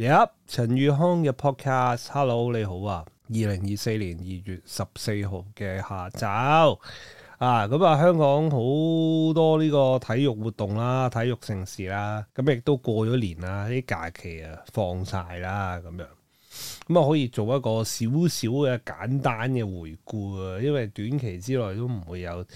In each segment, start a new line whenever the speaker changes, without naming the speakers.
一陳宇康嘅 podcast，hello 你好啊，二零二四年二月十四號嘅下晝啊，咁啊香港好多呢個體育活動啦，體育盛事啦，咁亦都過咗年啦，啲假期啊放晒啦，咁樣咁啊可以做一個少少嘅簡單嘅回顧啊，因為短期之內都唔會有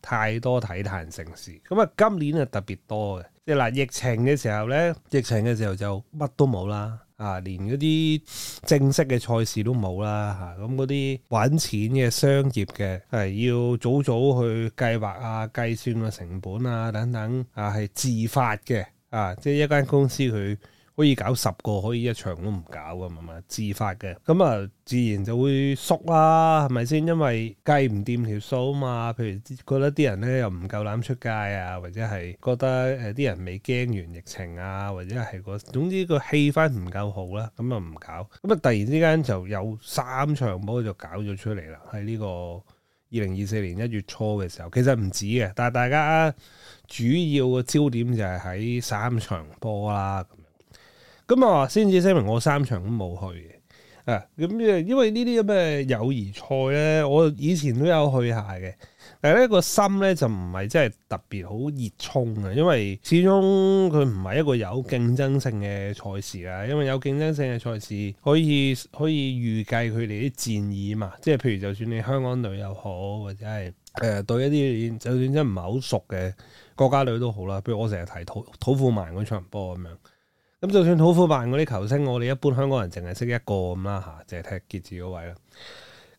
太多體壇盛事，咁啊今年係特別多嘅。即嗱，疫情嘅時候咧，疫情嘅時候就乜都冇啦，啊，連嗰啲正式嘅賽事都冇啦，嚇、啊，咁嗰啲搵錢嘅商業嘅係要早早去計劃啊、計算個成本啊等等，啊係自發嘅，啊，即係一間公司佢。可以搞十個，可以一場都唔搞噶，嘛？咪自發嘅，咁啊自然就會縮啦，係咪先？因為計唔掂條數啊嘛，譬如覺得啲人咧又唔夠膽出街啊，或者係覺得誒啲人未驚完疫情啊，或者係、嗰個總之個氣氛唔夠好啦，咁啊唔搞。咁啊突然之間就有三場波就搞咗出嚟啦，喺呢個二零二四年一月初嘅時候，其實唔止嘅，但係大家主要嘅焦點就係喺三場波啦。咁啊，先至聲明，我三場都冇去嘅。啊，咁因為呢啲咁嘅友誼賽咧，我以前都有去下嘅。但係咧個心咧就唔係真係特別好熱衷嘅，因為始終佢唔係一個有競爭性嘅賽事啦。因為有競爭性嘅賽事可以可以預計佢哋啲戰意嘛。即係譬如就算你香港隊又好，或者係誒對一啲就算真係唔係好熟嘅國家隊都好啦。譬如我成日提土土庫曼嗰場波咁樣。咁就算土庫曼嗰啲球星，我哋一般香港人淨係識一個咁啦吓，淨係踢傑志嗰位啦。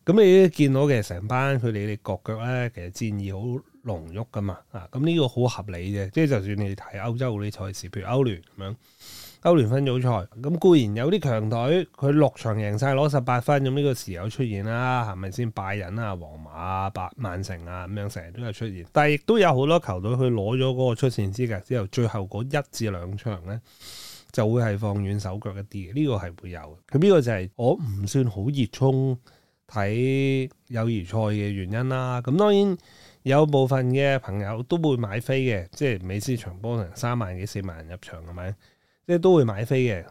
咁你見到嘅成班佢哋哋各腳咧，其實戰意好濃郁噶嘛啊！咁呢個好合理嘅，即係就算你睇歐洲嗰啲賽事，譬如歐聯咁樣，歐聯分組賽，咁固然有啲強隊佢六場贏晒攞十八分，咁呢個時候出現啦，係咪先？拜仁啊、皇馬啊、曼城啊咁樣成日都有出現，但係亦都有好多球隊佢攞咗嗰個出線資格之後，最後嗰一至兩場呢。就會係放軟手腳一啲，呢、這個係會有。咁、這、呢個就係我唔算好熱衷睇友誼賽嘅原因啦。咁當然有部分嘅朋友都會買飛嘅，即係美斯場波成三萬幾四萬人入場係咪？即係都會買飛嘅，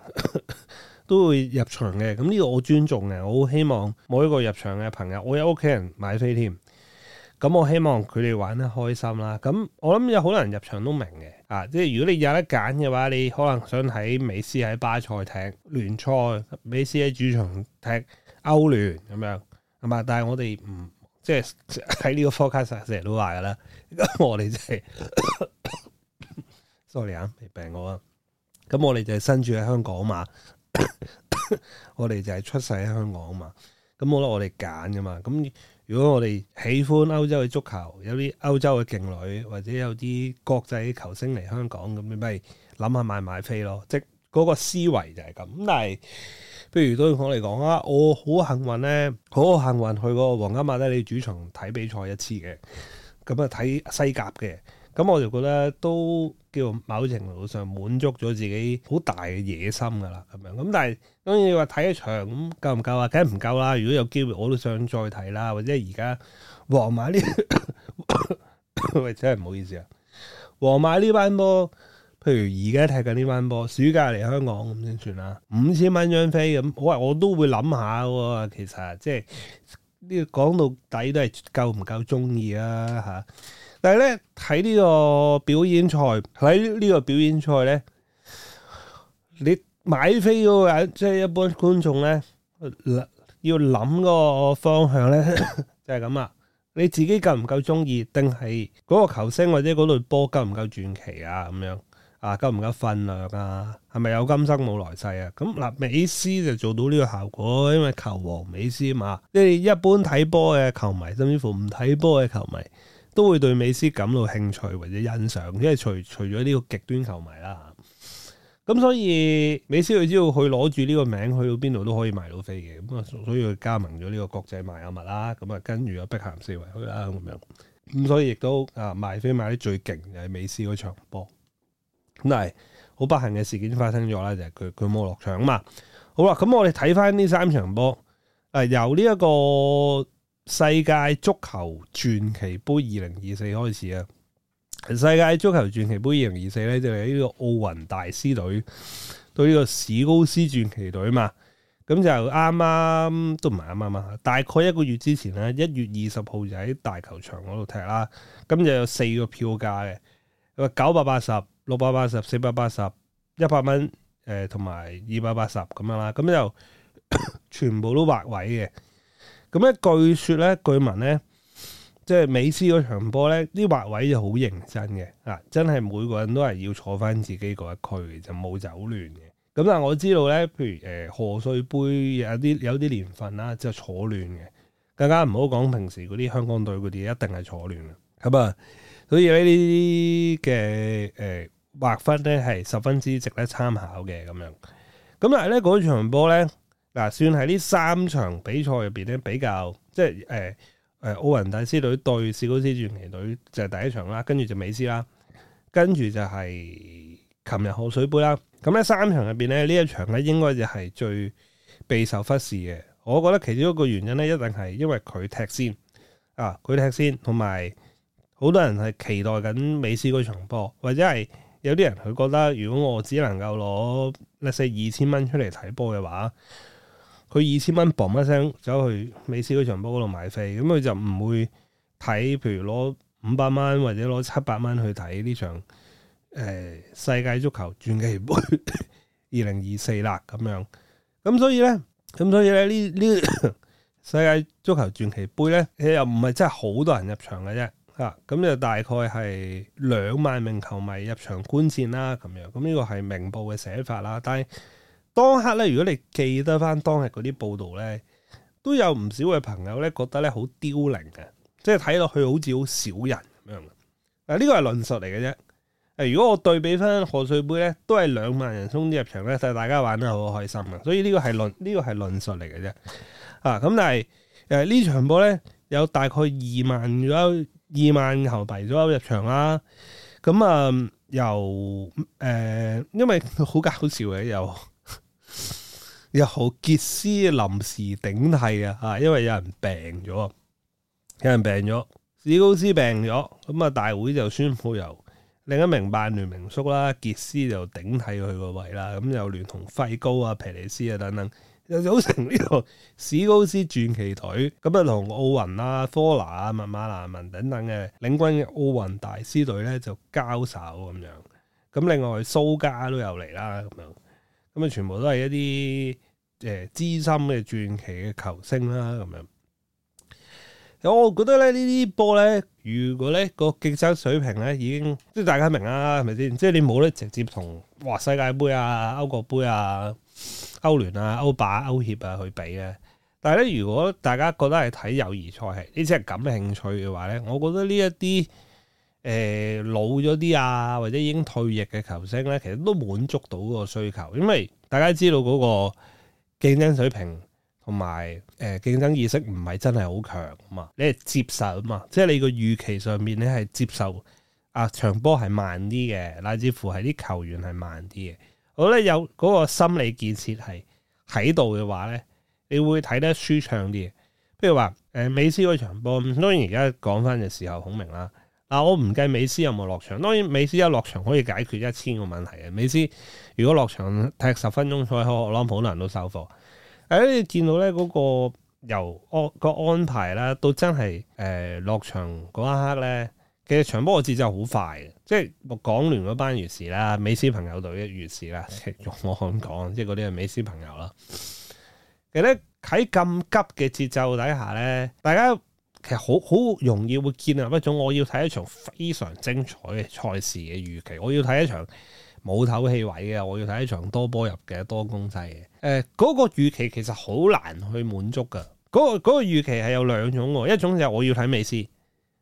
都會入場嘅。咁、這、呢個我尊重嘅，我好希望每一個入場嘅朋友，我有屋企人買飛添。咁我希望佢哋玩得開心啦。咁我諗有好多人入場都明嘅，啊，即係如果你有得揀嘅話，你可能想喺美斯喺巴塞踢聯賽，美斯喺主場踢歐聯咁樣，係嘛？但係我哋唔即係喺呢個 forecast 成日都話啦，我哋即係，sorry 啊，病我，咁我哋就係身處喺香港嘛， 我哋就係出世喺香港啊嘛，咁好啦，我哋揀噶嘛，咁。如果我哋喜歡歐洲嘅足球，有啲歐洲嘅勁旅，或者有啲國際球星嚟香港，咁你咪諗下買買飛咯。即係嗰、那個思維就係咁。但係，不如對我嚟講啊，我好幸運咧，好幸運去過皇家馬德里主場睇比賽一次嘅。咁啊，睇西甲嘅。咁我就覺得都叫某程度上滿足咗自己好大嘅野心噶啦，咁樣咁，但係當然你話睇一場咁夠唔夠啊？梗係唔夠啦！如果有機會，我都想再睇啦。或者而家皇馬呢？或者係唔好意思啊！皇馬呢班波，譬如而家踢緊呢班波，暑假嚟香港咁先算啦，五千蚊張飛咁，我我都會諗下喎。其實即係呢個講到底都係夠唔夠中意啊？吓！但係咧，睇呢個表演賽，睇呢個表演賽咧，你買飛嗰個人，即係一般觀眾咧，要諗嗰個方向咧， 就係咁啦。你自己夠唔夠中意，定係嗰個球星或者嗰隊波夠唔夠傳奇啊？咁樣啊，夠唔夠分量啊？係咪有今生冇來世啊？咁嗱，美斯就做到呢個效果，因為球王美斯嘛。即係一般睇波嘅球迷，甚至乎唔睇波嘅球迷。都會對美斯感到興趣或者欣賞，因為除除咗呢個極端球迷啦，咁所以美斯佢只要佢攞住呢個名，去到邊度都可以賣到飛嘅。咁啊，所以佢加盟咗呢個國際邁阿密啦，咁啊跟住有碧咸四圍去啦，咁樣咁所以亦都啊賣飛賣得最勁，就係美斯嗰場波咁，但係好不幸嘅事件發生咗啦，就係佢佢冇落場啊嘛。好啦，咁我哋睇翻呢三場波，誒、呃、由呢、這、一個。世界足球傳奇杯二零二四開始啊！世界足球傳奇杯二零二四咧就係呢個奧運大師隊對呢個史高斯傳奇隊嘛，咁就啱啱都唔係啱啱啊！大概一個月之前咧，一月二十號就喺大球場嗰度踢啦，咁就有四個票價嘅，九百八十、六百八十、四百八十、一百蚊，誒，同埋二百八十咁樣啦，咁就全部都劃位嘅。咁咧，據說咧，據聞咧，即係美斯嗰場波咧，啲劃位就好認真嘅，啊，真係每個人都係要坐翻自己嗰一區，就冇走亂嘅。咁但係我知道咧，譬如誒賀歲盃有啲有啲年份啦，即就坐亂嘅，更加唔好講平時嗰啲香港隊嗰啲一定係坐亂啦。咁啊，所以、呃、劃呢啲嘅誒劃分咧係十分之值得參考嘅咁樣。咁但係咧，嗰場波咧。嗱，算喺呢三場比賽入邊咧，比較即係誒誒奧運大師隊對史高斯傳奇隊就係第一場啦，跟住就美斯啦，跟住就係琴日賀歲盃啦。咁喺三場入邊咧，呢一場咧應該就係最備受忽視嘅。我覺得其中一個原因咧，一定係因為佢踢先啊，佢踢先，同埋好多人係期待緊美斯嗰場波，或者係有啲人佢覺得如果我只能夠攞粒四二千蚊出嚟睇波嘅話。佢二千蚊嘣一聲走去美斯嗰場波嗰度買飛，咁佢就唔會睇，譬如攞五百蚊或者攞七百蚊去睇呢場誒、呃、世界足球傳奇盃二零二四啦，咁樣，咁所以咧，咁所以咧呢呢世界足球傳奇盃咧，又唔係真係好多人入場嘅啫，吓、啊，咁就大概係兩萬名球迷入場觀戰啦，咁樣，咁呢個係明報嘅寫法啦，但係。當刻咧，如果你記得翻當日嗰啲報道咧，都有唔少嘅朋友咧覺得咧好凋零嘅，即係睇落去好似好少人咁樣嘅。誒、這、呢個係論述嚟嘅啫。誒如果我對比翻賀歲杯咧，都係兩萬人衝啲入場咧，就大家玩得好開心啊。所以呢個係論呢個係論述嚟嘅啫。啊咁，但係誒、呃、呢場波咧有大概二萬左右二萬球迷左右入場啦。咁啊、嗯、又誒、呃，因為好搞笑嘅又。一號傑斯臨時頂替啊，吓，因為有人病咗，有人病咗，史高斯病咗，咁啊，大會就宣布由另一名曼聯名宿啦，傑斯就頂替佢個位啦，咁又聯同費高啊、皮尼斯啊等等，又組成呢個史高斯傳奇隊，咁啊同奧運啊、科納啊、密馬納文等等嘅領軍奧運大師隊咧就交手咁樣，咁另外蘇家都有嚟啦咁樣。咁啊，全部都係一啲誒、呃、資深嘅傳奇嘅球星啦，咁樣。我覺得咧，呢啲波咧，如果咧個競爭水平咧已經，即係大家明啦，係咪先？即係你冇得直接同哇世界盃啊、歐國盃啊、歐聯啊、歐霸、歐協啊去比啊。但係咧，如果大家覺得係睇友誼賽係，你只係感興趣嘅話咧，我覺得呢一啲。誒、呃，老咗啲啊，或者已經退役嘅球星咧，其實都滿足到個需求，因為大家知道嗰個競爭水平同埋誒競爭意識唔係真係好強嘛，你係接受啊嘛，即係你個預期上面你係接受啊長波係慢啲嘅，乃至乎係啲球員係慢啲嘅，好咧有嗰個心理建設係喺度嘅話咧，你會睇得舒暢啲。譬如話誒、呃、美斯嗰場波，當然而家講翻，嘅時候孔明啦。嗱，我唔計美斯有冇落場，當然美斯一落場可以解決一千個問題啊！美斯如果落場踢十分鐘賽，我諗好多人都收貨。誒、哎，你見到咧嗰個由安、啊那個安排啦，到真係誒落場嗰一刻咧，其實場波嘅節奏好快嘅，即係港聯嗰班如是啦，美斯朋友隊亦如是啦，用我咁講，即係嗰啲係美斯朋友啦。其實咧喺咁急嘅節奏底下咧，大家，其實好好容易會建立一種我要睇一場非常精彩嘅賽事嘅預期，我要睇一場冇唞氣位嘅，我要睇一場多波入嘅多攻勢嘅。誒、呃，嗰、那個預期其實好難去滿足噶。嗰、那個嗰、那個預期係有兩種，一種就係我要睇美斯，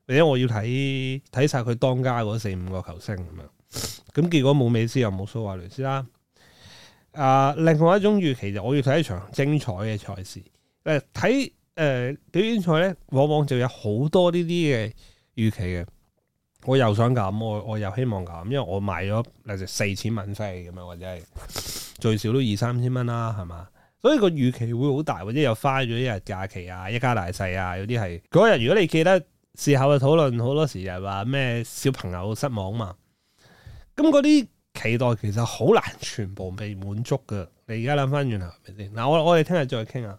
或者我要睇睇晒佢當家嗰四五個球星咁樣。咁結果冇美斯又冇蘇華雷斯啦。啊、呃，另外一種預期就我要睇一場精彩嘅賽事，誒、呃、睇。誒、呃，表演賽咧，往往就有好多呢啲嘅預期嘅，我又想咁，我我又希望咁，因為我買咗四千蚊飛咁樣，或者係最少都二三千蚊啦，係嘛？所以個預期會好大，或者又花咗一日假期啊，一家大細啊，有啲係嗰日。如果你記得事後嘅討論，好多時就話咩小朋友失望嘛？咁嗰啲期待其實好難全部被滿足㗎。你而家諗翻原來係咪先？嗱、啊，我我哋聽日再傾啊。